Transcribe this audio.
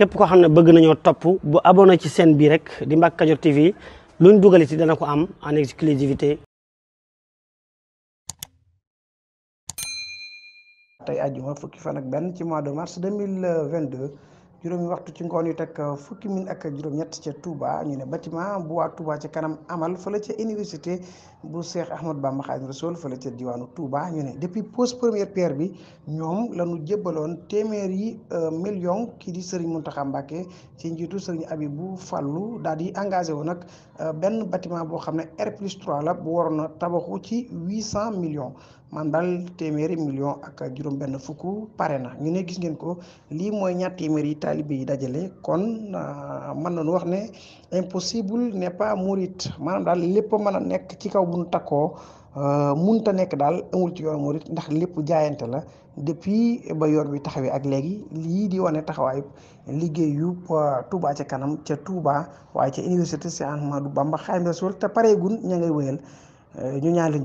képp koo xam ne bëgg nañoo topp bu abonné ci seen bi rek di Mbacke Kadior TV luñ dugal ci dana ko am en exclusivité tey àjjuma fukki fan ak benn ci mois de mars 2022 juróomi waxtu ci ngoon yu teg euh, fukki min ak juróom-ñett ca Touba ñu ne batiment bu waa Touba ci kanam amal fa la ci université bu Cheikh Ahmad Bamba Khadimu Rasul fële ca diwaanu Touba ñu ne depuis pose première pierre bi ñoom lañu ñu jébbaloon téeméer yi euh, million kii di Serigne Mountakha Mbacké ci njiitu Serigne Abibou Fallou daal di engagé wu nag euh, benn batiment boo xam ne R plus la bu waroon na tabaxu ci huit cent million man daal téeméeri million ak juróom benn fukk pare na ñu ne gis ngeen ko lii mooy ñaar téeméer yi taalibe yi dajale kon ah, man na nañu wax ne impossible n'est pas mouride maanaam daal lépp mën a nekk ci kaw bu nu takkoo ah, ta nekk daal amul ci yoon murit ndax lépp jaayante la depuis ba yoon wi taxawee ak léegi lii di wane taxawaayu liggéeyu Touba ca kanam ca Touba waaye ca université Cheikh Ahmadou Bamba Xaadimu Rasuul te pareegun ña ngay wëyal eh, ñu ñaan leen